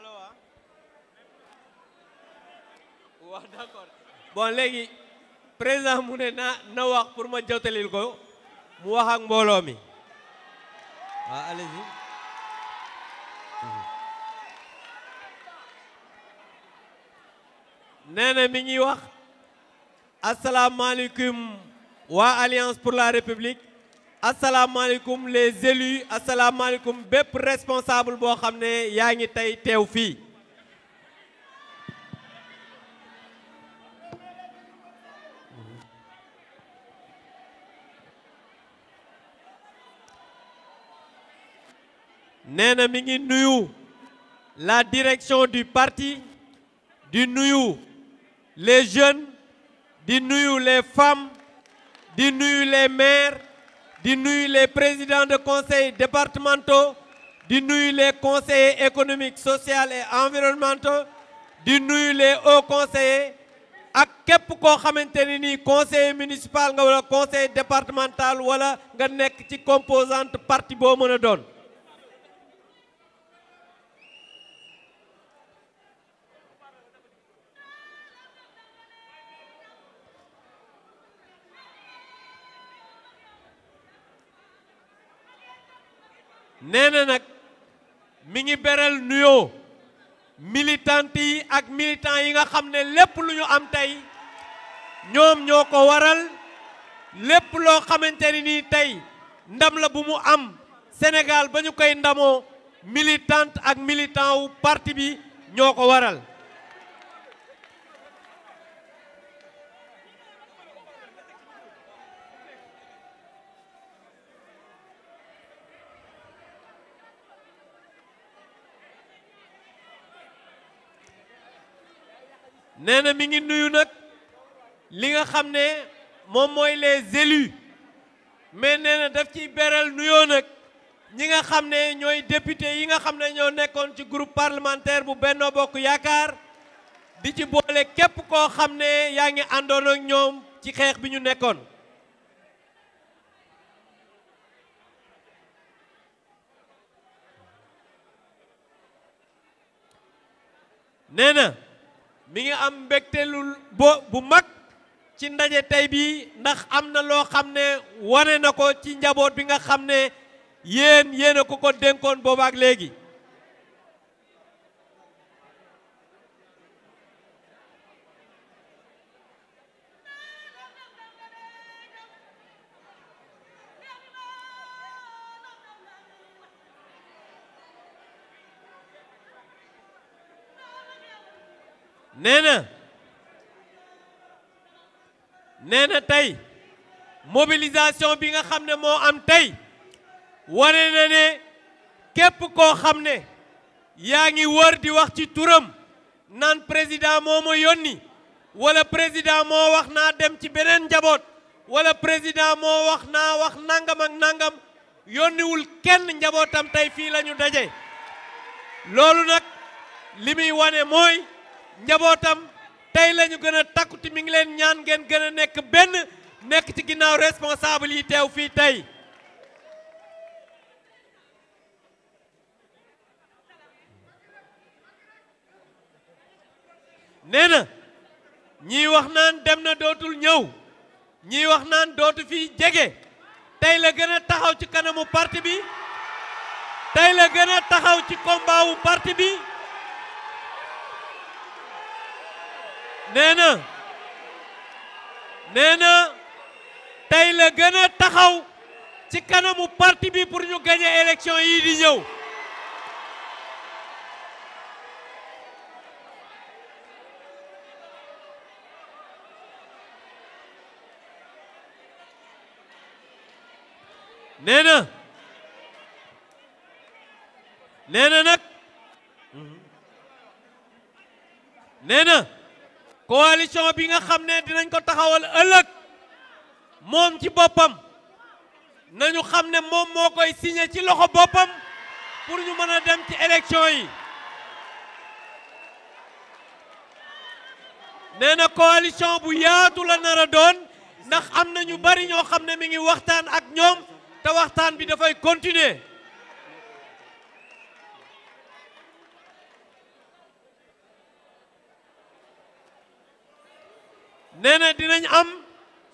allo ah. wa bon léegi président mu ne na na wax pour ma jotalil ko mu wax ak mbooloo mi waaw ah, allez mhm. mi ñuy wax asalaamaaleykum waa alliance pour la république asalaamaaleykum les élus asalaamaaleykum bépp responsable boo xam ne yaa ngi tey teew fii nee na mi ngi nuyu la direction du parti di nuyu les jeunes di nuyu les femmes di nuyu les maires di nuyu les président de conseils départementaux di nuyu les conseillers économiques sociaux et environnementaux di nuyu les hauts conseillers ak képp koo xamante ni nii conseiller municipal nga wala conseiller départemental wala nga nekk ci composante parti boo mën a doon nee nag mi ngi beral nuyoo militante yi ak militant yi nga xam ne lépp lu ñu am tey ñoom ñoo ko waral lépp loo xamante ni nii tey ndam la bu mu am Sénégal ba ñu koy ndamoo militante ak militant wu parti bi ñoo ko waral nee na mi ngi nuyu nag li nga xam ne moom mooy les élus mais nee na daf ciy beral nuyoo nag ñi nga xam ne ñooy député yi nga xam ne ñoo nekkoon ci groupe parlementaire bu Benno Bokk Yaakaar di ci boole képp koo xam ne yaa ngi àndoon ak ñoom ci xeex bi ñu nekkoon nee na mi ngi am mbegteelu lu bo bu mag ci ndaje tey bii ndax am na loo xam ne wane na ko ci njaboot bi nga xam ne yéen yéen a ko ko dénkoon boobaak léegi nee na nee na tey mobilisation bi nga xam ne moo am tey wane na ne képp koo xam ne yaa ngi wër di wax ci turam naan président moo ma yónni walla président moo wax naa dem ci beneen njaboot wala président moo wax naa wax nangam ak nangam yónniwul kenn njabootam tey fii lañu ñu daje loolu nag li muy wane mooy njabootam tey la gën a takku te mi ngi leen ñaan ngeen gën a nekk benn nekk ci ginnaaw responsable yi teew fii tey nee na ñii wax naan dem na dootul ñëw ñii wax naan dootu fi jege tey la gën a taxaw ci kanamu parti bi tey la gën a taxaw ci combat parti bi nee na nee na tey la gën taxaw ci kanamu parti bi pour ñu gagné élection yii di ñëw nee na nee na nag nee na coalition bi nga xam ne dinañ ko taxawal ëllëg moom ci boppam nañu xam ne moom moo koy signé ci loxo boppam pour ñu mën a dem ci élection yi nee na coalition bu yaatu la nar a doon ndax am na ñu bari ñoo xam ne mi ngi waxtaan ak ñoom te waxtaan bi dafay continuer nee na dinañ am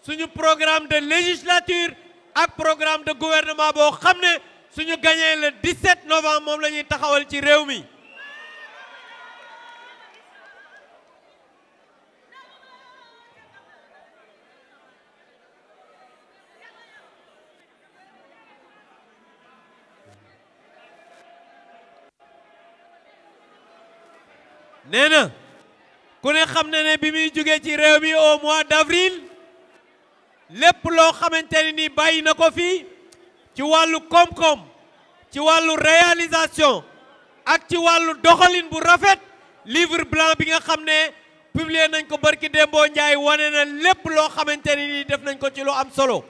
suñu programme de législature ak programme de gouvernement boo xam ne suñu gagné le 17 novembre moom la ñuy taxawal ci réew mi nee ku ne xam na ne bi muy jógee ci réew mi au mois d'avril lépp loo xamante ne ni bàyyi na ko fii ci wàllu koom-koom ci wàllu réalisation ak ci wàllu doxalin bu rafet livre blanc bi nga xam ne publier nañ ko barki Dembo Ndiaye wane na lépp loo xamante ni def nañ ko ci lu am solo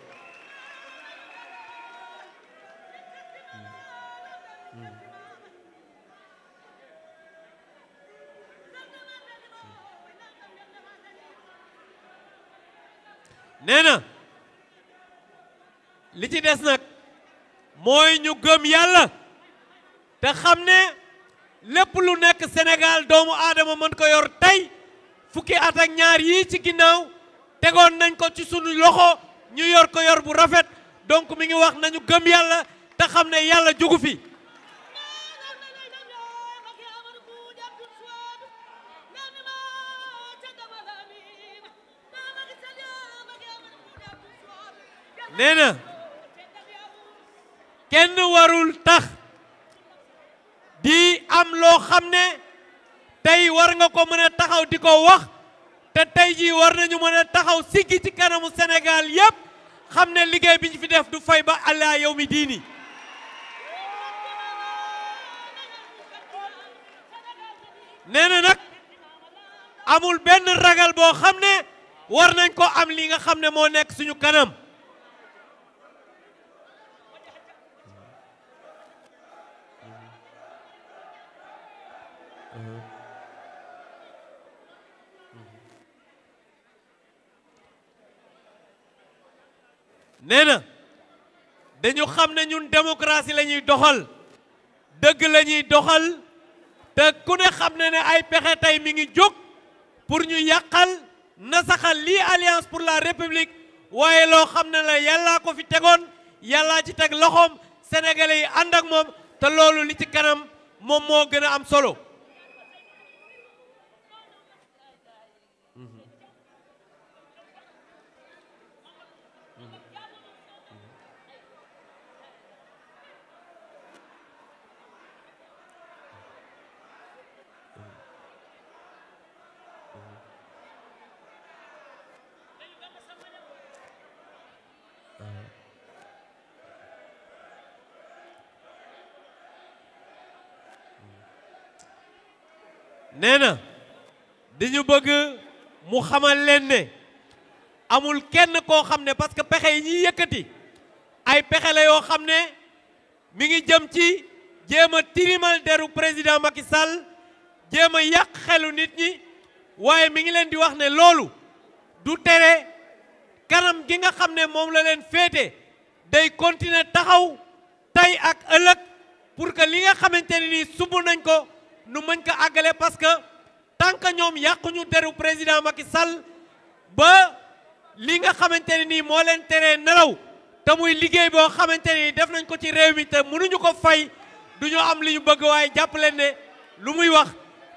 nee li ci des nag mooy ñu gëm yàlla te xam ne lépp lu nekk Sénégal doomu aadama mën ko yor tey fukki at ak ñaar yii ci ginnaaw tegoon nañ ko ci sunu loxo ñu yor ko yor bu rafet donc mi ngi wax nañu gëm yàlla te xam ne yàlla jugu fi nee na kenn warul tax di am loo xam ne tey war nga ko mën taxaw di ko wax te tey jii war nañu mën taxaw siggi ci kanamu Sénégal yépp xam ne liggéey bi ñu fi def du fay ba allah yow mi diini nee na nag amul benn ragal boo xam ne war nañ ko am li nga xam ne moo nekk suñu kanam Mm-hmm. Mm-hmm. Mm-hmm. nee na dañu xam ne ñun démocratie la ñuy doxal dëgg lañuy doxal te ku ne xam ne ne ay pexe tey mi ngi jóg pour ñu yàqal nasaxal lii alliance pour la république waaye loo xam ne la yàllaa ko fi tegoon yàllaa ci teg loxoom sénégalais yi ànd ak moom te loolu li ci kanam moom moo gën a am solo nee na dañu bëgg mu xamal leen ne amul kenn koo xam ne parce que pexe yi ñuy yëkkati ay pexe la yoo xam ne mi ngi jëm ci jéem a tirimal deru président Macky Sall jéem a yàq xelu nit ñi waaye mi ngi leen di wax ne loolu du tere kanam gi nga xam ne moom la leen féete day continuer taxaw tey ak ëllëg pour que li nga xamante ne nii sumb nañ ko nu mën ko àggale parce que tant que ñoom yàquñu deru président Macky Sall ba li nga xamante ne nii moo leen tere nelaw te muy liggéey boo xamante ni def nañ ko ci réew mi te mënuñu ko fay du ñu am li ñu bëgg waaye jàppale ne lu muy wax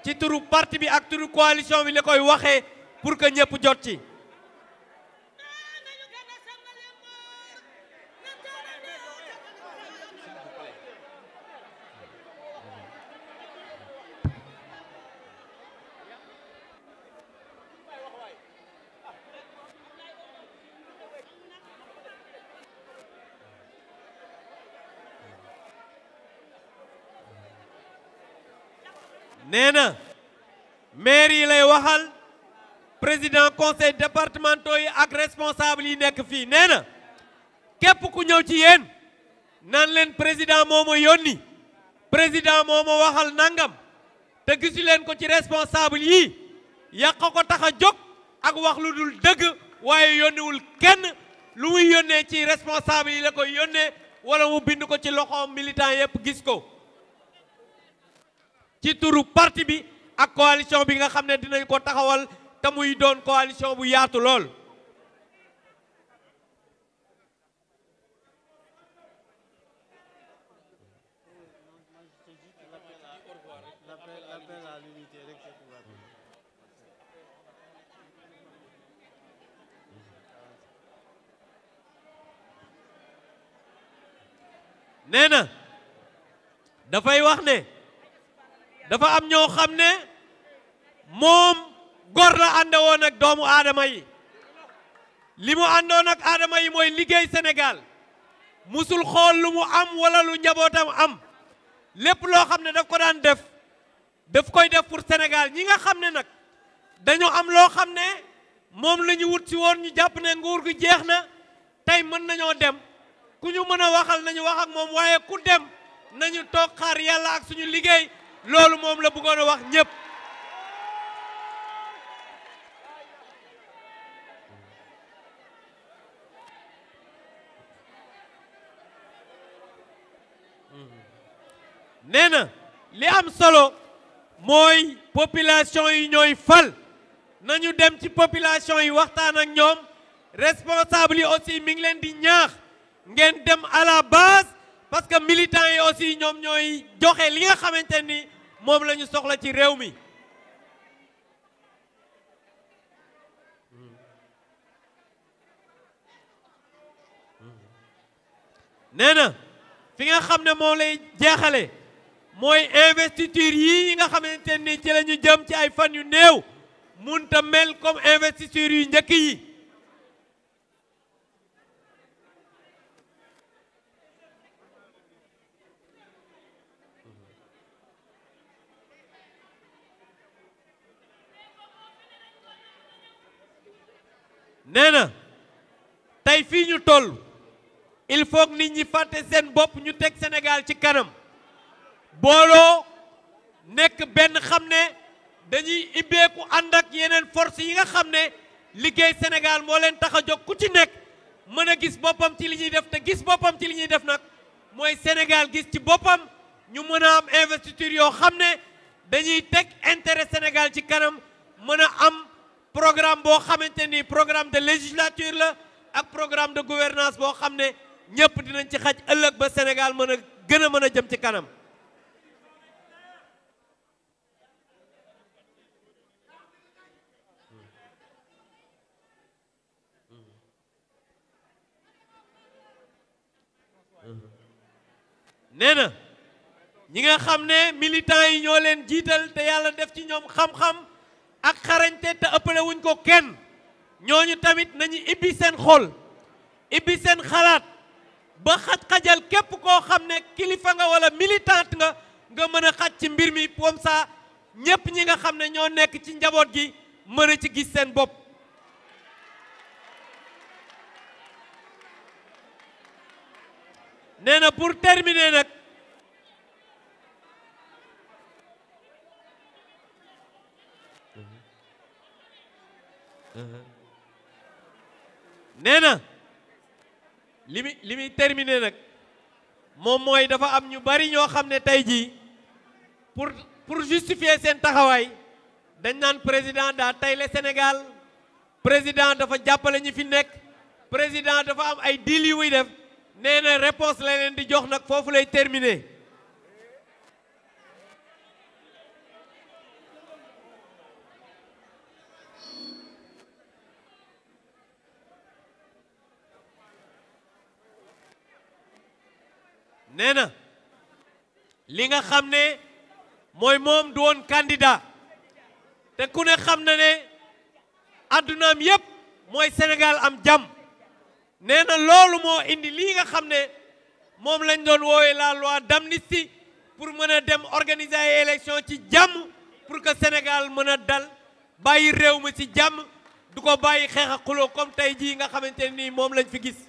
ci turu parti bi ak turu coalition bi la koy waxee pour que ñëpp jot ci. nee na maire yi lay waxal président conseil départementaux yi ak responsable yi nekk fii nee na képp ku ñëw ci yéen naan leen président moo ma yónni président moo ma waxal nangam te gisu leen ko ci responsable yi yàq ko tax a jóg ak wax lu dul dëgg waaye yónniwul kenn lu muy yónnee ci responsable yi la koy yónnee wala mu bind ko ci loxo militant yépp gis ko ci turu parti bi ak coalition bi nga xam ne dinañ ko taxawal te muy doon coalition bu yaatu lool nee na dafay wax ne dafa am ñoo xam ne moom góor la ànde woon ak doomu aadama yi li mu àndoon ak aadama yi mooy liggéey Sénégal mosul xool lu mu am wala lu njabootam am lépp loo xam ne daf ko daan def daf koy def pour Sénégal ñi nga xam ne nag dañoo am loo xam ne moom la ñu wut si woon ñu jàpp ne nguur gi jeex na tey mën nañoo dem ku ñu mën a waxal nañu wax ak moom waaye ku dem nañu toog xaar yàlla ak suñu liggéey loolu moom la bëggoon wax ñëpp nee na li am solo mooy population yi ñooy fal nañu dem ci population yi waxtaan ak ñoom responsable yi aussi mi ngi leen di ñaax ngeen dem à parce que militants yi aussi ñoom ñooy joxe li nga xamante ni moom lañu soxla ci réew mi. nee na fi nga xam ne moo lay jeexale mooy investiture yi yi nga xamante ni ci la jëm ci ay fan yu néew munta mel comme investiture yu njëkk yi. nee na tey fii ñu toll il faut que nit ñi fàtte seen bopp ñu teg Sénégal ci kanam booloo nekk benn xam ne dañuy ibbeeku ànd ak yeneen force yi nga xam ne liggéey Sénégal moo leen tax a jóg ku ci nekk mën a gis boppam ci li ñuy def te gis boppam ci li ñuy def nag mooy Sénégal gis ci boppam ñu mën a am investiture yoo xam ne dañuy teg intérêt Sénégal ci kanam mën a am programme boo xamante ni programme de législature la ak programme de gouvernance boo xam ne ñëpp dinañ ci xaj ëllëg ba Sénégal mën a gën a mën a jëm ci kanam nee ñi nga xam ne militant yi ñoo leen jiital te yàlla def ci ñoom xam-xam ak xarañte te ëppale ko kenn ñooñu tamit nañu ibbi seen xol ibbi seen xalaat ba xaj-xajal képp koo xam ne kilifa nga wala militante nga nga mën a xaj ci mbir mi comme ça ñépp ñi nga xam ne ñoo nekk ci njaboot gi mën a ci gis seen bopp nee na pour terminer nag Uh-huh. nee na li muy li muy terminé nag moom mooy dafa am ñu bari ñoo xam ne tey jii pour pour justifier seen taxawaay dañ naan président daa tayle Sénégal président dafa jàppale ñi fi nekk président dafa am ay deal yu muy def nee na réponse la leen di jox nag foofu lay terminé. nee na li nga xam ne mooy moom du woon candidat te ku ne xam na ne addunaam yépp mooy Sénégal am jàmm nee na loolu moo indi lii nga xam ne moom lañ doon woowee la loi d'amnistie pour mën a dem organiser ay ci jàmm pour que Sénégal mën a dal bàyyi réew mi ci jàmm du ko bàyyi xeex ak xuloo comme tey jii nga xamante nii moom lañu fi gis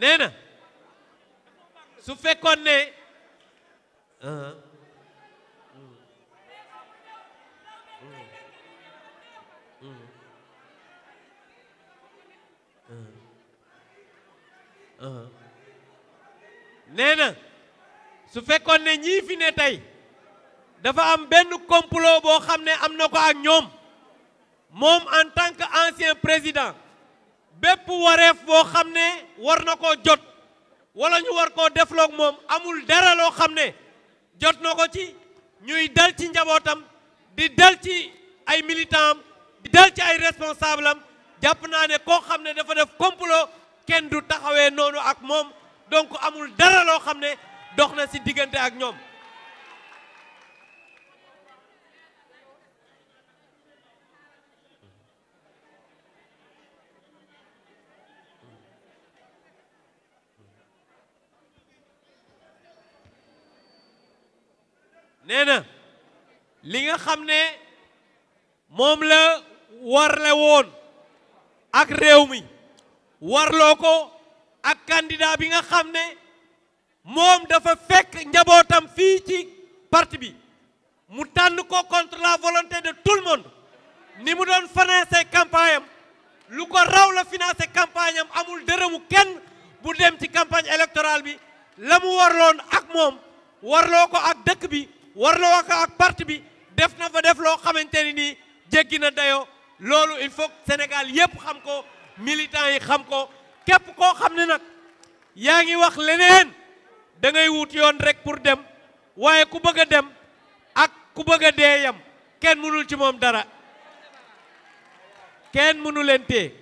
nee na su fekkoon ne uh-huh. uh-huh. uh-huh. nee na su fekkoon ne ñii fi ne tey dafa am benn complot boo xam ne am na ko ak ñoom moom en tant que ancien président bépp wareef boo xam ne war na ko jot wala ñu war koo defloog moom amul dara loo xam ne jot na ko ci ñuy dal ci njabootam di dal ci ay militant am di dal ci ay responsable am jàpp naa ne koo xam ne dafa def complot kenn du taxawee noonu ak moom donc amul dara loo xam ne dox na ci diggante ak ñoom nee li nga xam ne moom la warle woon ak réew mi warloo ko ak candidat bi nga xam ne moom dafa fekk njabootam fii ci parti bi mu tànn ko contre la volonté de tout monde ni mu doon financé campagne lu ko raw la financé campagne amul dërëmu kenn bu dem ci campagne électorale bi la mu warloon ak moom warloo ko ak dëkk bi war warloo ko ak parti bi def na fa def loo xamante ni nii jéggi na dayoo loolu il faut Sénégal yëpp xam ko militants yi xam ko képp koo xam ne nag yaa ngi wax leneen da ngay wut yoon rek pour dem waaye ku bëgg a dem ak ku bëgg a dee yam kenn mënul ci moom dara kenn mënu leen tee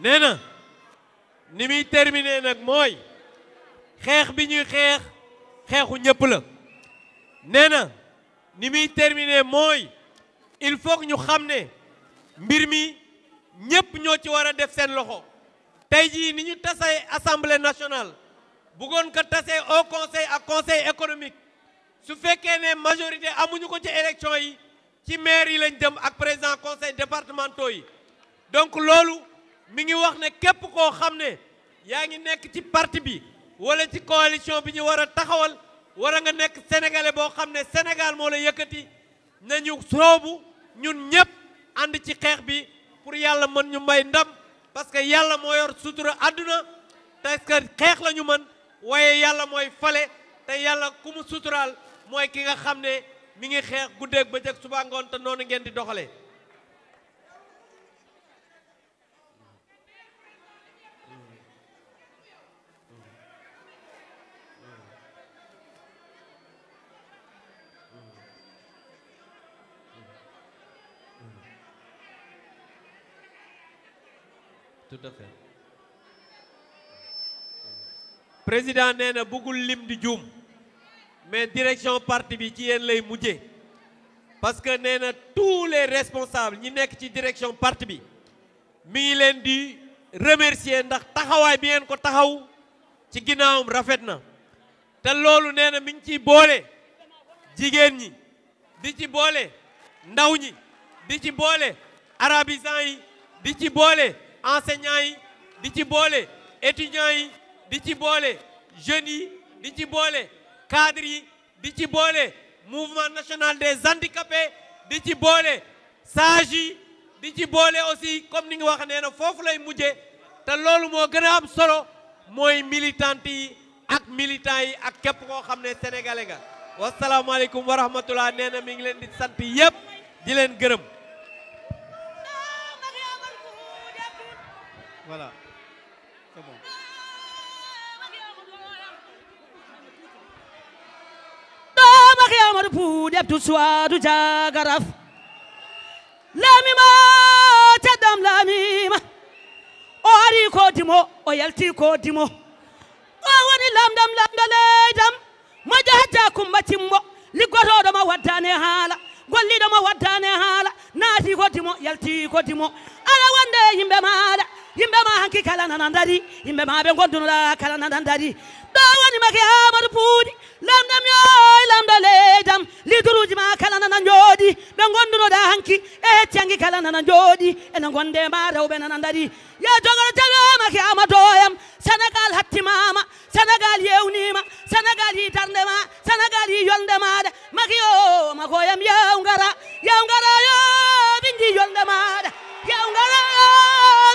nee na ni muy terminé nag mooy xeex bi ñuy xeex xeexu ñëpp la nee na ni muy terminé mooy il faut ñu xam ne mbir mi ñëpp ñoo ci war a def seen loxo tey jii ni ñu tasee assemblée nationale bëggoon ko tasee o conseil ak conseil économique su fekkee ne majorité amuñu ko ci élection yi ci maire yi lañ dem ak président conseil départementaux yi donc loolu mi ngi wax ne képp koo xam ne yaa ngi nekk ci parti bi wala ci coalition bi ñu war a taxawal wara nga nekk sénégalais boo xam ne Sénégal moo la yëkkati nañu soobu ñun ñëpp ànd ci xeex bi pour yàlla mën ñu may ndam parce que yàlla moo yor sutura àdduna parce xeex la ñu mën waaye yàlla mooy fale te yàlla ku mu suturaal mooy ki nga xam ne mi ngi xeex guddeeg bëccëg suba ngoon te noonu ngeen di doxalee. tout à fait président nee na bëggul lim di juum mais direction parti bi ci yéen lay mujje parce que nee na tous les responsables ñi nekk ci direction parti bi mi ngi leen di remercier ndax taxawaay bi ngeen ko taxaw ci ginnaawam rafet na te loolu nee na mi ngi ciy boole jigéen ñi di ci boole ndaw ñi di ci boole arabisants yi di ci boole enseignants yi di ci boole étudiants yi di ci boole jeunes yi di ci boole cadres yi di ci boole mouvement national des handicapés di ci boole sages yi di ci boole aussi comme ni nga wax nee na foofu lay mujje te loolu moo gën a am solo mooy militantes yi ak militants yi ak képp koo xam ne sénégalais nga wasalaamaaleykum wa rahmatullah nee na mi ngi leen di sant yëpp di leen gërëm Voilà. C'est bon. Doomu Axmadu Pu def du soir du jagaraf lamima o ari ko dimo o yalti ko dimo o woni lamdam lamdo leydam mo jahatta kumba timmo liggotoɗo ma waddane haala golliɗo mo waddane haala naati ko dimo yalti ko dimo ala wonde yimɓe maɗa yimɓe ma hanki kala nanan dari yimɓe ma ɓe gondunoɗa kala nanan dari ɗo woni make amadou puuɗi lamdam yoy lamɗo leydam liduruji ma kala nanan jooɗi ɓe gondunoɗa hanki e heccangi kala nanan jooɗi ene gonde ma rewɓe nanan dari ye jogoɗo tawemake amadoyam sénégal hattimama sénégal yewnima sénégal yi darndema sénégal yi yolde maɗa maki yo makoyam yewgara yewgara yo ɓindi yolde maɗa yawgara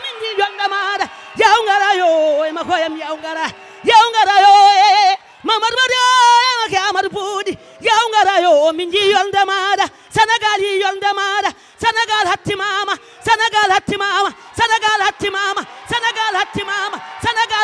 min ji jonɗa maɗa yawgara yo e makoyam yawgara yawgara yo e mamadou madi emake amadou puuɗi yawgara yo min ji yolde maɗa sénégal yi yolde maɗa sénégal hattimama sénégal hattimama sénégal hattimama sénégal hattimama sénégal